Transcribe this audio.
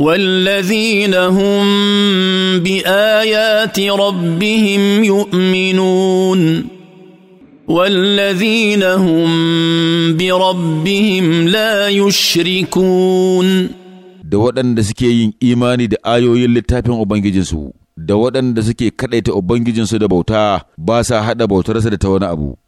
والذين هم بايات ربهم يؤمنون والذين هم بربهم لا يشركون da waɗanda suke yin imani da ayoyin littafin Ubangijinsu, da waɗanda suke kaɗaita Ubangijinsu da bauta ba sa haɗa bautarsa da ta wani abu.